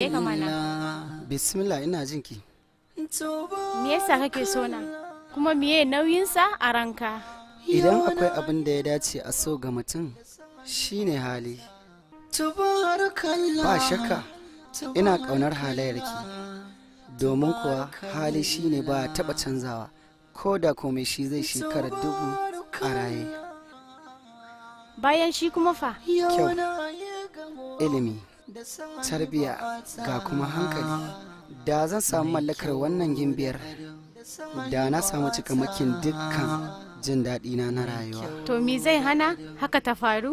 Eh, kamana. Bismillah ina jinki. Me yasa kake so na? Kuma nauyin nauyinsa a ranka? Idan akwai abin da ya dace a so ga mutum shine hali. Ba shakka ina ƙaunar halayyarki. Domin kuwa hali shine ba taba canzawa ko da komai shi zai shekara dubu a raye. Bayan shi kuma fa? Kyau. Ilimi. tarbiya ga kuma hankali da zan samu mallakar wannan gimbiyar da na samu makin dukkan jin daɗina na rayuwa to me zai hana haka ta faru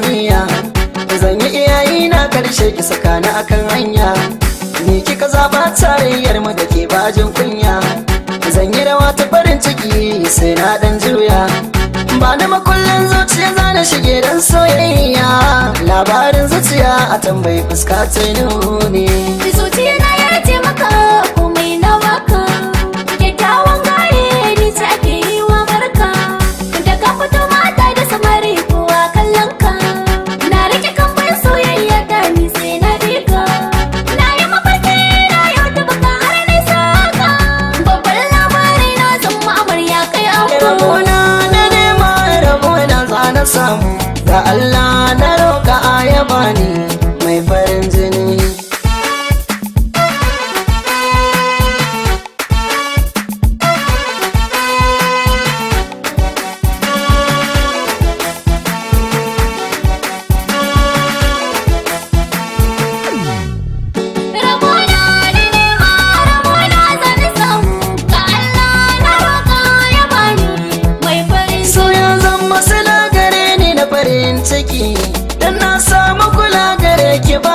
karshe ki sakani akan hanya ni kika zaba tarayyar mu da ke bajin kunya zan yi rawa ta farin ciki sai na dan juya ba na makullin zuciya za na shige dan soyayya labarin zuciya a tambayi fuska ta nuni zuciya na ya taimaka samu da Allah na roƙa a yabani.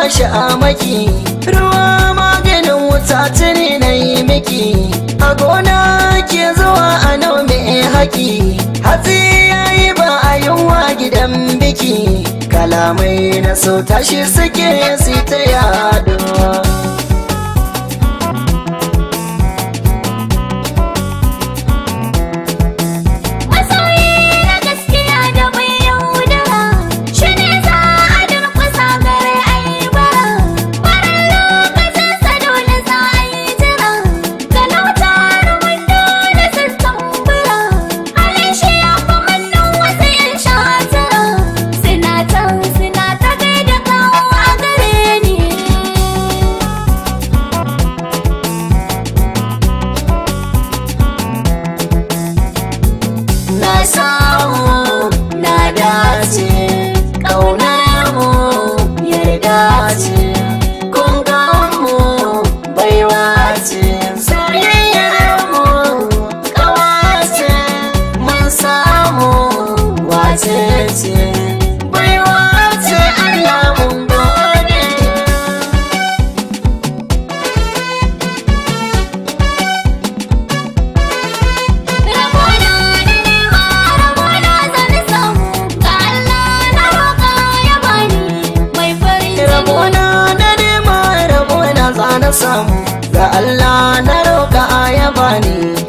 sha'amaki ruwa maganin wuta tuni na yi miki a gona ke zuwa a mai haki hatsi yayi ba a yunwa gidan biki kalamai na so tashi suke su ta yaduwa samu ga Allah na roƙa ayaba ni.